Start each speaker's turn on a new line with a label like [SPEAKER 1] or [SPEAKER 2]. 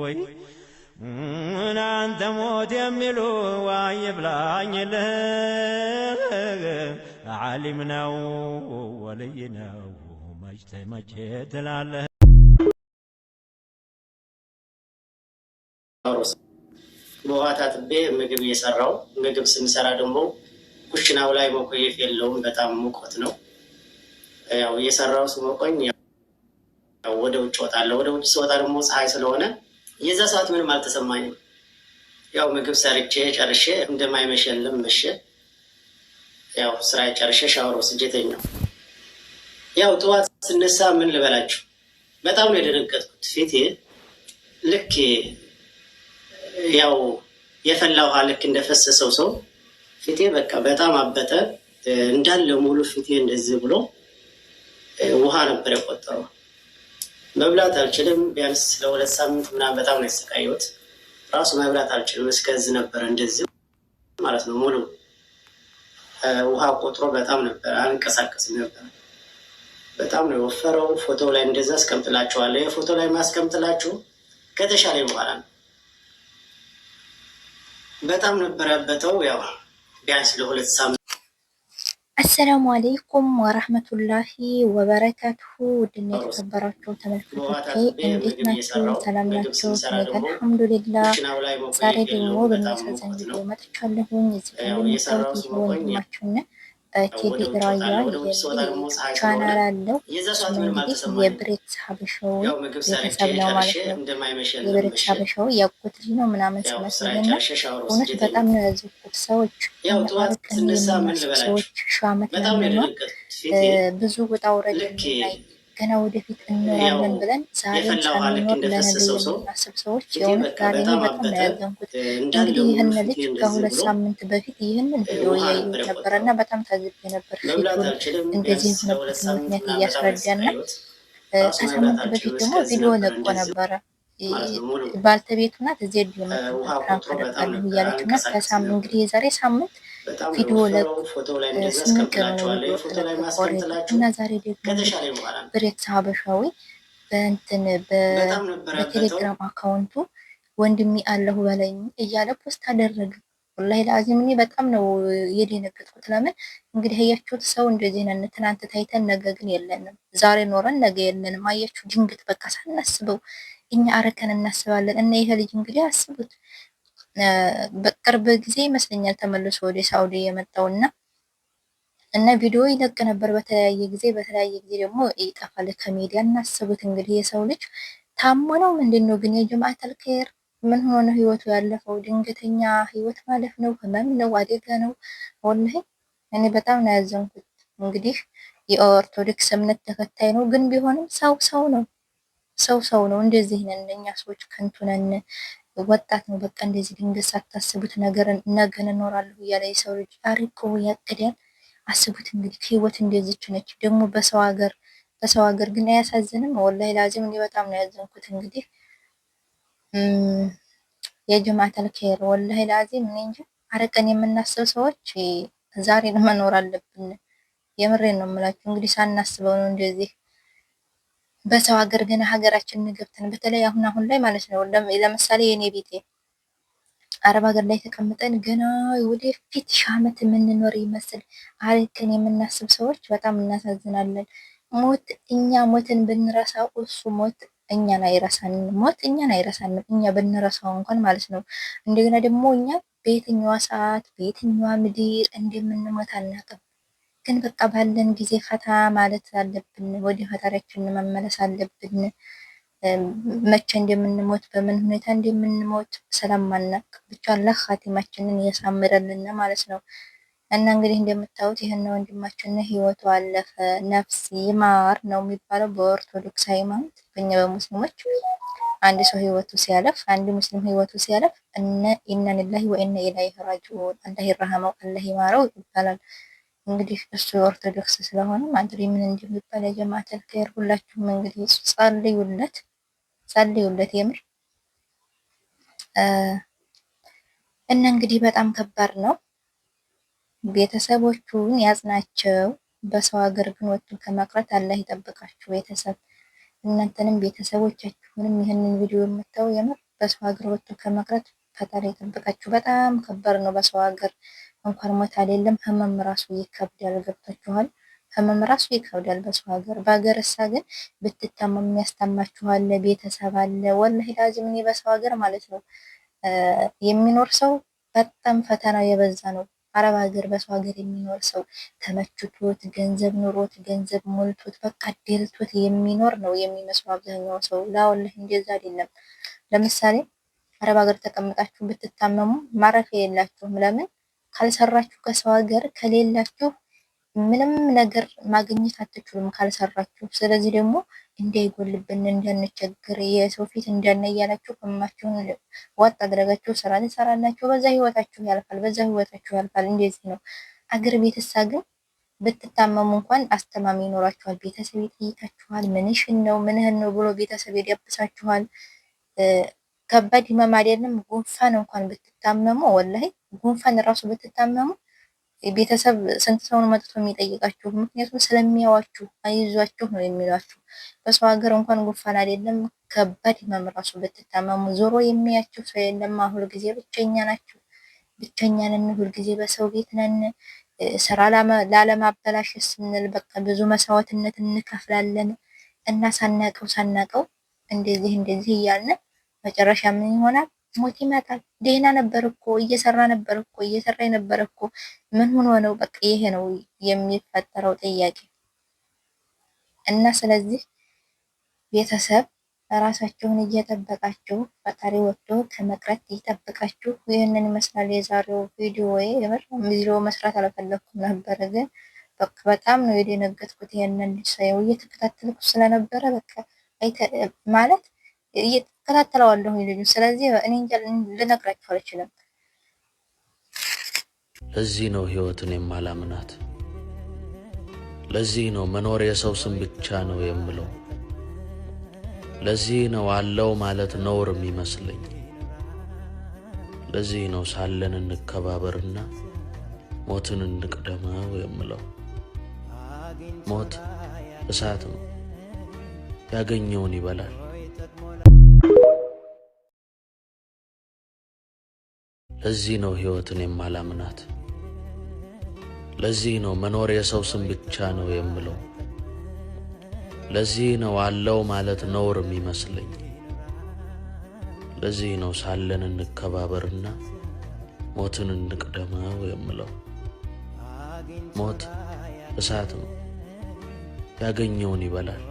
[SPEAKER 1] ወይ እናንተ ሞት የሚሉ ዋይ ብላኝ ዓሊም ነው ወልይ ነው መጭተ መቼ ትላለህ? በውሃ ታጥቤ ምግብ እየሰራው ምግብ ስንሰራ ደግሞ ኩሽናው ላይ መኮየፍ የለውም። በጣም ሙቆት ነው። ያው እየሰራው ስሞቆኝ ወደ ውጭ ወጣለሁ። ወደ ውጭ ስወጣ ደግሞ ፀሐይ ስለሆነ የዛ ሰዓት ምንም አልተሰማኝም። ያው ምግብ ሰርቼ ጨርሼ እንደማይመሸልም መሸ። ያው ስራ ጨርሼ ሻወር ወስጄ ተኛሁ። ያው ጠዋት ስነሳ ምን ልበላችሁ በጣም ነው የደነገጥኩት። ፊቴ ልክ ያው የፈላ ውሃ ልክ እንደፈሰሰው ሰው ፊቴ በቃ በጣም አበጠ። እንዳለ ሙሉ ፊቴ እንደዚህ ብሎ ውሃ ነበር የቆጠረው። መብላት አልችልም። ቢያንስ ለሁለት ሳምንት ምናምን በጣም ነው ያሰቃየሁት። ራሱ መብላት አልችልም። እስከዚህ ነበረ እንደዚህ ማለት ነው። ሙሉ ውሃ ቆጥሮ በጣም ነበር አንቀሳቀስም ነበር። በጣም ነው የወፈረው። ፎቶ ላይ እንደዛ አስቀምጥላችኋለሁ። የፎቶ ላይ ማስቀምጥላችሁ ከተሻለ በኋላ ነው። በጣም ነበር ያበጠው። ያው ቢያንስ ለሁለት ሳምንት
[SPEAKER 2] አሰላሙ አሌይኩም ወረህመቱላሂ ወበረካቱሁ። ውድና የተከበራችሁ ተመልካቾቼ እንዴት ናችሁ? ሰላም ናችሁ? አልሐምዱሊላህ። ዛሬ ደግሞ በሚያሳዝን ቪዲዮ መጥቻለሁኝ። የዚህ ወንድማችን ቴዲ ራያ ቻናል አለው። እንግዲህ የብሬት ሀበሻው ቤተሰብ ነው ማለት ነው። የብሬት ሀበሻው ያጎት ልጅ ነው ምናምን ስመስልና እውነት በጣም ነው ያዘኩት። ሰዎች ሰዎች ሺህ ዓመት ብዙ ውጣ ውረድ ገና ወደፊት እንኖራለን ብለን ዛሬ ሳንኖር ለነገ የምናስብ ሰዎች የሆነ ዛሬ እኔ በጣም ያዘንኩት እንግዲህ ይህን ልጅ ከሁለት ሳምንት በፊት ይህንን ቪዲዮ እያየሁት ነበረ እና በጣም ታዝቤ ነበር። ፊቱን እንደዚህ የሆነበት ምክንያት እያስረዳና ከሳምንት በፊት ደግሞ ቪዲዮ ለቆ ነበረ። ባልተቤቱ ናት እዚህ ዲሆነ ራንክ አደርጋለሁ እያለች ናት። ከሳምንት እንግዲህ የዛሬ ሳምንት ቪዲዮ ለስምንት ዛሬ ደግሞ ብሬት ሀበሻዊ በእንትን በቴሌግራም አካውንቱ ወንድሜ አለሁ በለኝ እያለ ፖስት አደረገ። ወላሂ ለአዚም እኔ በጣም ነው የደነገጥኩት። ለምን እንግዲህ አያችሁት፣ ሰው እንደዚህ ነን። ትናንት ታይተን ነገ ግን የለንም፣ ዛሬ ኖረን ነገ የለንም። አያችሁ፣ ድንገት በቃ ሳናስበው እኛ አረከን እናስባለን። እና ይሄ ልጅ እንግዲህ አስቡት በቅርብ ጊዜ ይመስለኛል ተመልሶ ወደ ሳውዲ የመጣው እና እና ቪዲዮ ይለቅ ነበር በተለያየ ጊዜ በተለያየ ጊዜ ደግሞ ይጠፋል ከሜዲያ እናስቡት እንግዲህ የሰው ልጅ ታሞ ነው ምንድን ነው ግን የጅማአት አልከር ምን ሆነ ህይወቱ ያለፈው? ድንገተኛ ህይወት ማለፍ ነው፣ ህመም ነው፣ አደጋ ነው። ወላሂ እኔ በጣም ነው ያዘንኩት። እንግዲህ የኦርቶዶክስ እምነት ተከታይ ነው፣ ግን ቢሆንም ሰው ሰው ነው፣ ሰው ሰው ነው። እንደዚህ ነን እኛ ሰዎች ከንቱ ነን። ወጣት ነው። በቃ እንደዚህ ድንገት ሳታስቡት ነገርን ነገን እኖራለሁ እያለ የሰው ልጅ አርቆ ያቅዳል። አስቡት እንግዲህ ህይወት እንደዚች ነች። ደግሞ በሰው ሀገር በሰው ሀገር ግን አያሳዝንም? ወላሂ ላዚም እኔ በጣም ነው ያዘንኩት። እንግዲህ የጀማዓተል ኸይር ወላሂ ላዚም እኔ እንጂ አረቀን የምናስብ ሰዎች ዛሬን መኖር አለብን። የምሬን ነው የምላችሁ። እንግዲህ ሳናስበው ነው እንደዚህ በሰው ሀገር ገና ሀገራችንን ገብተን በተለይ አሁን አሁን ላይ ማለት ነው። ለምሳሌ የኔ ቤቴ አረብ ሀገር ላይ ተቀምጠን ገና ወደፊት ሺህ ዓመት የምንኖር ይመስል አልከን የምናስብ ሰዎች በጣም እናሳዝናለን። ሞት እኛ ሞትን ብንረሳው እሱ ሞት እኛን አይረሳንም። ሞት እኛን አይረሳንም እኛ ብንረሳው እንኳን ማለት ነው። እንደገና ደግሞ እኛ በየትኛዋ ሰዓት በየትኛዋ ምድር እንደምንሞት አናውቅም። ግን በቃ ባለን ጊዜ ፈታ ማለት አለብን። ወደ ፈጣሪያችን መመለስ አለብን። መቼ እንደምንሞት በምን ሁኔታ እንደምንሞት ሰላም ማናቅ ብቻ አላህ ኻቲማችንን እያሳምረልን ማለት ነው። እና እንግዲህ እንደምታዩት ይህን ወንድማችን ህይወቱ አለፈ። ነፍስ ይማር ነው የሚባለው በኦርቶዶክስ ሃይማኖት። በእኛ በሙስሊሞች አንድ ሰው ህይወቱ ሲያለፍ፣ አንድ ሙስሊም ህይወቱ ሲያለፍ እነ ኢና ሊላሂ ወኢና ኢለይሂ ራጂዑን አላህ ይረሃመው አላህ ይማረው ይባላል። እንግዲህ እሱ ኦርቶዶክስ ስለሆነ ማድሪ ምን እንደሚባል የጀማዓተል ከር ሁላችሁም እንግዲህ ጸልዩለት፣ ጸልዩለት የምር እና እንግዲህ በጣም ከባድ ነው። ቤተሰቦቹን ያጽናቸው። በሰው ሀገር ግን ወጥቶ ከመቅረት አላህ ይጠብቃችሁ ቤተሰብ እናንተንም ቤተሰቦቻችሁንም ይህንን ቪዲዮ የምታዩ የምር በሰው ሀገር ወጥቶ ከመቅረት ፈጣሪ ይጠብቃችሁ። በጣም ከባድ ነው በሰው ሀገር ሞት አይደለም ህመም ራሱ ይከብዳል። ገብታችኋል? ህመም ራሱ ይከብዳል በሰው ሀገር። በሀገር እሳ ግን ብትታመም የሚያስታማችሁ ቤተሰብ አለ። ወላሂ ላዚም እኔ በሰው ሀገር ማለት ነው የሚኖር ሰው በጣም ፈተና የበዛ ነው። አረብ ሀገር በሰው ሀገር የሚኖር ሰው ተመችቶት ገንዘብ ኑሮት ገንዘብ ሞልቶት በቃ ደልቶት የሚኖር ነው የሚመስለው አብዛኛው ሰው። ላወለህ እንደዛ አይደለም። ለምሳሌ አረብ ሀገር ተቀምጣችሁ ብትታመሙ ማረፊያ የላችሁም። ለምን ካልሰራችሁ ከሰው ሀገር ከሌላችሁ ምንም ነገር ማግኘት አትችሉም ካልሰራችሁ። ስለዚህ ደግሞ እንዳይጎልብን እንዳንቸግር፣ የሰው ፊት እንዳና እያላችሁ ከማችሁን ዋጥ አድረጋችሁ ስራ ትሰራላችሁ። በዛ ህይወታችሁ ያልፋል፣ በዛ ህይወታችሁ ያልፋል። እንደዚህ ነው። አገር ቤትሳ ግን ብትታመሙ እንኳን አስተማሚ ይኖራችኋል። ቤተሰብ ይጠይቃችኋል። ምንሽን ነው ምንህን ነው ብሎ ቤተሰብ ይደብሳችኋል። ከባድ ህመም አይደለም ጉንፋን እንኳን ብትታመሙ ወላይ ጉንፋን ራሱ ብትታመሙ ቤተሰብ ስንት ሰው ነው መጥቶ የሚጠይቃችሁ? ምክንያቱም ስለሚያዋችሁ አይዟችሁ ነው የሚሏችሁ። በሰው ሀገር እንኳን ጉንፋን አይደለም ከባድ ህመም ራሱ ብትታመሙ ዞሮ የሚያችሁ ሰው የለም። ጊዜ ብቸኛ ናችሁ። ብቸኛ ነን፣ ጊዜ በሰው ቤት ነን። ስራ ላለማበላሸት ስንል በቃ ብዙ መስዋዕትነት እንከፍላለን እና ሳናቀው ሳናቀው እንደዚህ እንደዚህ እያልን መጨረሻ ምን ይሆናል? ሞት ይመጣል። ደህና ነበር እኮ እየሰራ ነበር እኮ እየሰራ ነበር እኮ ምን ሆኖ ነው? በቃ ይሄ ነው የሚፈጠረው ጥያቄ እና ስለዚህ ቤተሰብ ራሳችሁን እየጠበቃችሁ ፈጣሪ ወጥቶ ከመቅረት ይጠብቃችሁ። ይህንን ይመስላል የዛሬው ቪዲዮ። የምር ቪዲዮ መስራት አልፈለኩም ነበር፣ ግን በቃ በጣም ነው የደነገጥኩት። ይህንን ሰው እየተከታተልኩ ስለነበረ በቃ ማለት እየተከታተለዋለሁ ልጁ። ስለዚህ እኔ እንጃ ልነግራችሁ አልችልም።
[SPEAKER 3] ለዚህ ነው ህይወትን የማላምናት። ለዚህ ነው መኖር የሰው ስም ብቻ ነው የምለው። ለዚህ ነው አለው ማለት ነውር የሚመስለኝ። ለዚህ ነው ሳለን እንከባበርና ሞትን እንቅደመው የምለው። ሞት እሳት ነው፣ ያገኘውን ይበላል። ለዚህ ነው ሕይወትን የማላምናት። ለዚህ ነው መኖር የሰው ስም ብቻ ነው የምለው። ለዚህ ነው አለው ማለት ነውር የሚመስለኝ። ለዚህ ነው ሳለን እንከባበርና ሞትን እንቅደመው የምለው። ሞት እሳት ነው፣ ያገኘውን ይበላል።